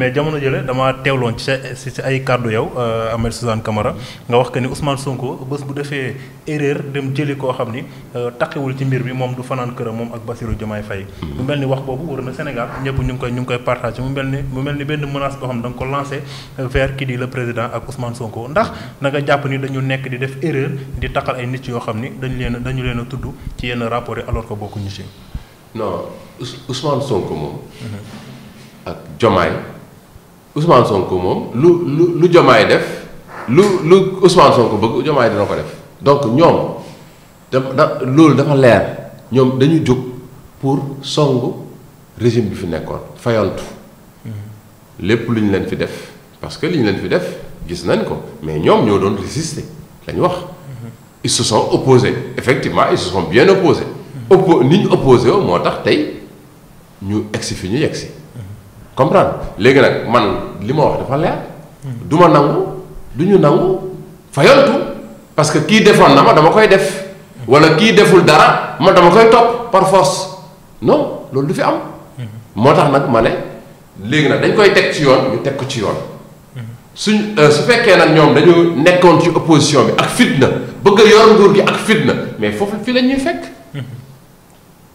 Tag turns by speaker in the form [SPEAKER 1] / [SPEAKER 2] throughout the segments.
[SPEAKER 1] mais jamono jële damaa teewloon ci si ay kàddu yow euh, Ahmed Suzanne kamara nga wax que ni Ousmane Sonko bés bu defee erreur dem jëli koo xam ni euh, taqiwul ci mbir bi moom du fanaan këram moom ak Bassirou Diomaye Faye mm-hmm. mu mel ni wax boobu wër na Sénégal ñëpp ñu ngi koy ñu ngi koy partagé mu mel ni mu mel ni benn menace boo xam ne ko lancé vers kii di le président ak Ousmane Sonko ndax da nga jàpp ni dañu nekk di def erreur di taqal ay nit yoo xam ni dañu leen dañu leen a tudd ci yenn rapport yi alors que bokkuñu ci non Ousmane Sonko moom mm-hmm. ak Diomaye Ousmane Sonko moom lu lu lu Diomaye def lu lu Ousmane Sonko bëgg Diomaye dina ko def donc ñoom dafa da loolu dafa leer ñoom dañu jóg pour songu régime bi fi nekkoon fayantu mhm. lépp lu ñu leen fi def parce que li ñu leen fi def gis nañ ko mais ñoom ñoo doon résister lañu wax mhm. ils se effectivement ils se sont bien opposés oppo ni ñu opposé woo moo tax tey ñu egsi fi ñu yegsi comprendre léegi nag man li ma wax dafa leer. du ma nangu du ñu nangu fayantu parce que kii defoon na ma dama koy def. wala kii deful dara ma dama koy topp par force non loolu du fi am. moo tax nag ma ne léegi nag dañ koy teg ci yoon ñu teg ko ci yoon. suñ euh, su fekkee nag ñoom dañu nekkoon ci opposition bi ak fitna bëgg a yor gi ak fitna mais foofu fi la ñuy fekk.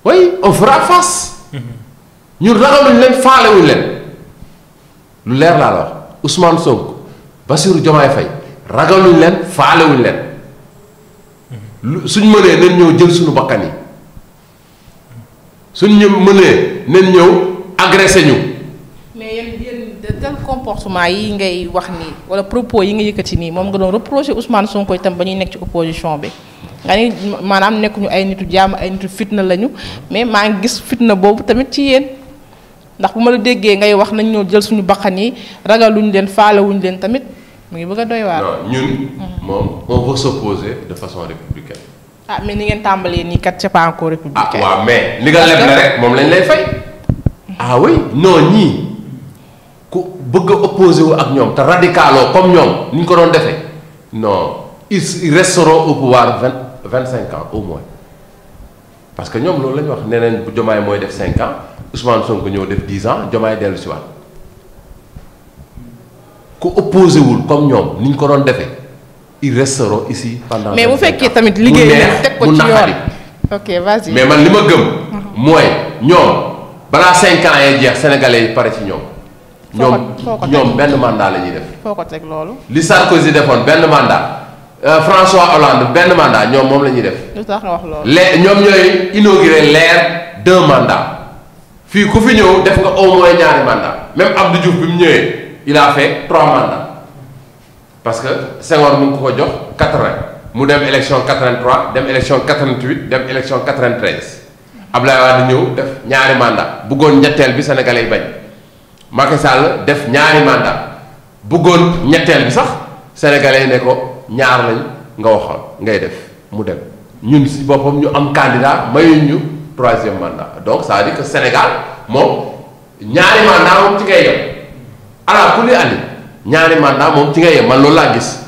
[SPEAKER 1] way mm-hmm. on face. Mm-hmm. ñun ragaluñ leen faalewuñ leen. lu leer laa la wax Ousmane Sonko Bassirou Diomaye Faye ragaluñ leen faalewuñ leen lu suñ mënee nañ ñëw jël suñu bakkan yi suñ ñu mënee nañ ñëw agressé ñu.
[SPEAKER 2] mais yéen yéen tel comportement yi ngay wax nii wala propos yi nga yëkkati nii moom nga doon reproché Ousmane Sonko itam ba ñuy nekk ci opposition bi. nga ni maanaam nekkuñu ay nitu jàmm ay nitu fitna lañu mais maa ngi gis fitna boobu tamit ci yéen. ndax bu ma la déggee ngay wax nañ ñoo jël suñu bakkan yi ragaluñ leen faalewuñ leen tamit mu ngi bëgg a doy waar.
[SPEAKER 1] ñun. Mm-hmm. moom on veut s'opposer de façon républicaine.
[SPEAKER 2] ah mais ni ngeen tàmbalee nii kat c'est pas ah,
[SPEAKER 1] mais li nga moom lañ lay fay.
[SPEAKER 2] Mm-hmm.
[SPEAKER 1] ah oui non ñii ku ak ñoom te comme ñoom ni ñu ko doon defee non ils resteront au pouvoir vingt vingt cinq ans au moins parce que ñoom loolu la ñu wax nee nañ bu mooy def cinq ans. Ousmane Sonko ñëw def 10 ans Diomaye dellu si waat ku opposé wul comme ñoom ni ñu ko doon defee ils resteront ici pendant. mais bu
[SPEAKER 2] fekkee tamit liggéey na teg ko ci
[SPEAKER 1] yoon
[SPEAKER 2] ok mais man li ma gëm.
[SPEAKER 1] Mhm. mooy ñoom balaa 5 ans yee jeex sénégalais yi pare ci ñoom. ñoom ñoom benn mandat la ñuy def. foo ko teg loolu. li Sarkozy defoon benn mandat euh, François Hollande benn mandat ñoom moom la ñuy def.
[SPEAKER 2] lu tax wax loolu.
[SPEAKER 1] ñoom ñooy inauguré l'ère deux mandats. fii ku fi ñëw def nga au moins ñaari mandat même Abdou Diouf bi mu ñëwee il a trois mandats parce que Senghor mu ko ko jox quatre-vingt mu dem élection quatre-vingt-trois dem élection quatre-vingt-huit dem élection quatre vingt ñëw def ñaari mandat bëggoon ñetteel bi sénégalais bañ Macky Sall def ñaari mandat bëggoon ñetteel bi sax sénégalais yi ne ko ñaar lañ nga waxoon ngay def mu dem ñun si boppam ñu am candidat mayuñ ñu. troisième mandat donc ça veut dire que Sénégal moom ñaari mandat moom ci ngay yem ala ku li andi ñaari mandat moom ci ngay yem man loolu laa gis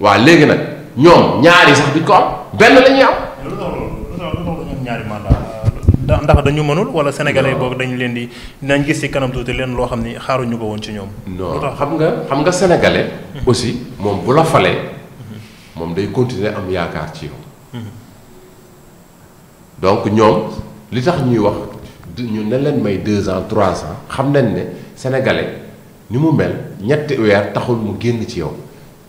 [SPEAKER 1] waaw léegi nag ñoom ñaari sax duñ ko am benn la ñuy am. ñaari ndax dañu mënul wala sénégalais boobu dañu leen di nañ gis ci kanam tuuti leen loo xam ni xaaruñu ko woon ci ñoom. non xam nga xam nga sénégalais. aussi moom bu la falee. moom day continuer am yaakaar ci yow. Mhm. donc ñoom. li tax ñuy wax ñu ne leen may deux ans trois ans xam nañ ne sénégalais ni mu mel ñetti weer taxul mu génn ci yow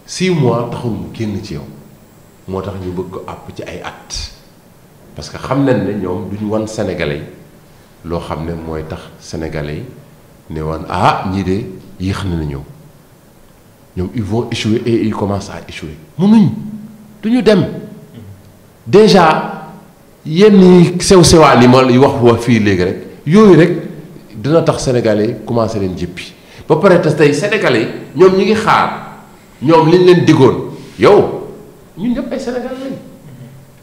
[SPEAKER 1] six mois taxul mu génn ci yow moo tax ñu bëgg ko àpp ci ay at parce que xam nañ ne ñoom duñu wan sénégalais yi loo xam ne mooy tax sénégalais yi ne wan ah ñii de yéex na ñëw ñoom ils vont échouer et ils commencent à échouer duñu dem mm-hmm. déjà yenn sew sewaan yi ma wax wa fii léegi rek yooyu rek dina tax sénégalais yi commencé leen jëppi ba pare te tey sénégalais yi ñoom ñi ngi xaar ñoom liñ leen diggoon yow ñun ñëpp ay sénégalais lañ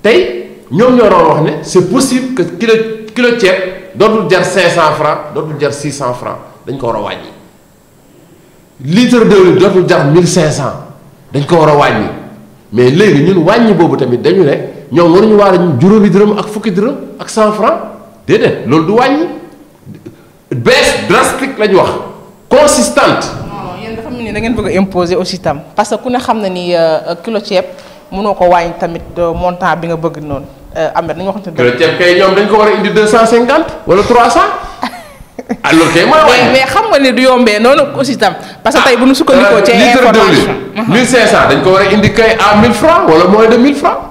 [SPEAKER 1] tey ñoom ñoo doon wax ne c'est possible que kilo kilo ceeb dootul jar 500 francs dootul jar 600 francs dañ ko war a wàññi litre diwlin dootul jar 1500 dañ ko war a wàññi mais léegi ñun wàññi boobu tamit dañu ne. ñoom ñu waar juróomi dërëm ak fukki dërëm ak cent franc déedéet loolu du wàññi baisse drastique la ñu wax consistante.
[SPEAKER 2] yéen dafa mel ni da ngeen bëgg a imposer aussi tam parce que ku ne xam na ni euh, kilo ceeb mënoo ko wàññi tamit euh, montant bi nga bëgg noonu euh, Ameth nañu waxante. kilo ceeb kay ñoom dañ
[SPEAKER 1] ko war a indi deux cent cinquante wala trois cent. alors ah, kay mooy waaye mais
[SPEAKER 2] xam que tey bu ñu sukkandikoo ah, ci dañ
[SPEAKER 1] ko war a indi kay à 1000 francs wala moins de 1000 francs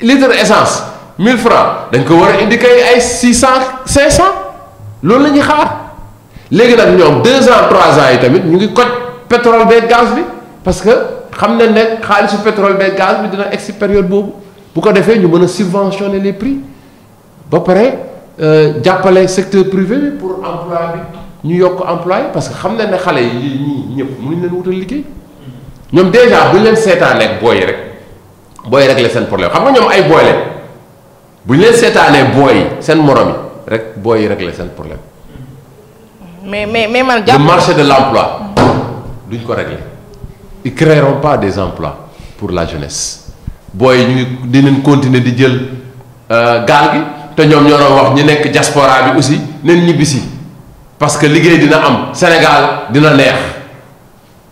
[SPEAKER 1] litre essence 1000 francs dañ ko war a indi kay ay 600 cent loolu la ñuy xaar léegi nag ñoom 2 ans 3 ans yi tamit ñu ngi koj pétrole beeg gaz bi parce que xam nañ ne xaalisu pétrole beeg gaz bi dina egg si boobu bu ko defee ñu mën a subventionner les prix ba pare euh, jàppale secteur privé bi pour emploi bi ñu yokk emploi parce que xam nañ ne xale yi ñii ñëpp mënuñ leen wutal liggéey ñoom déjà buñ leen seetaan ak booy rek. booy régler seen problème xam nga ñoom ay booy leen bu ñu leen seetaanee booy seen morom yi rek booy yi régler seen problème.
[SPEAKER 2] mais mais mais man. jàpp le marché de l'
[SPEAKER 1] emploi duñ ko régler. ils créeront pas des emplois pour la jeunesse booy ñu ngi dinañ continuer di jël euh, gaal gi te ñoom ñoo doon wax ñi nekk diaspora bi aussi nañ ñibbisi parce que liggéey dina am Sénégal dina neex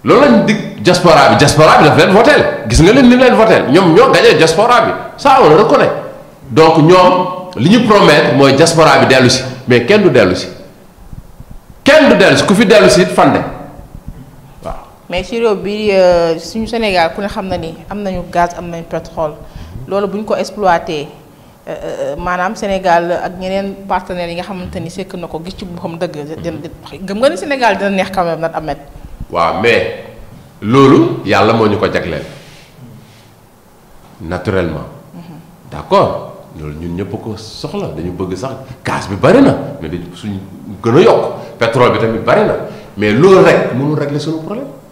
[SPEAKER 1] loolu lañ dig diaspora bi diaspora bi daf leen voté gis nga leen ni leen voté ñoom ñoo gagné diaspora bi ça on le reconnaît donc ñoom li ñu promettre mooy diaspora bi dellu si mais kenn du dellu si kenn du dellu ku fi dellu si fan fande waaw.
[SPEAKER 2] mais ci réew bi euh, suñu Sénégal ku ne xam na ni am nañu gaz am nañu pétrole loolu bu ñu ko exploité euh, euh, maanaam Sénégal ak ñeneen partenaires yi xamante ni sekk na ko gis ci boppam dëgg. Mm-hmm. gëm nga ni Sénégal dina neex quand même nag
[SPEAKER 1] waaw mais. loolu yàlla moo ñu ko jagleel naturellement. Mhm. d' accord loolu ñun ñëpp ko soxla dañu bëgg sax gaz bi bari na mais dañ suñu gën a yokk pétrole bi tamit bari na mais loolu rek mënul régler suñu problème.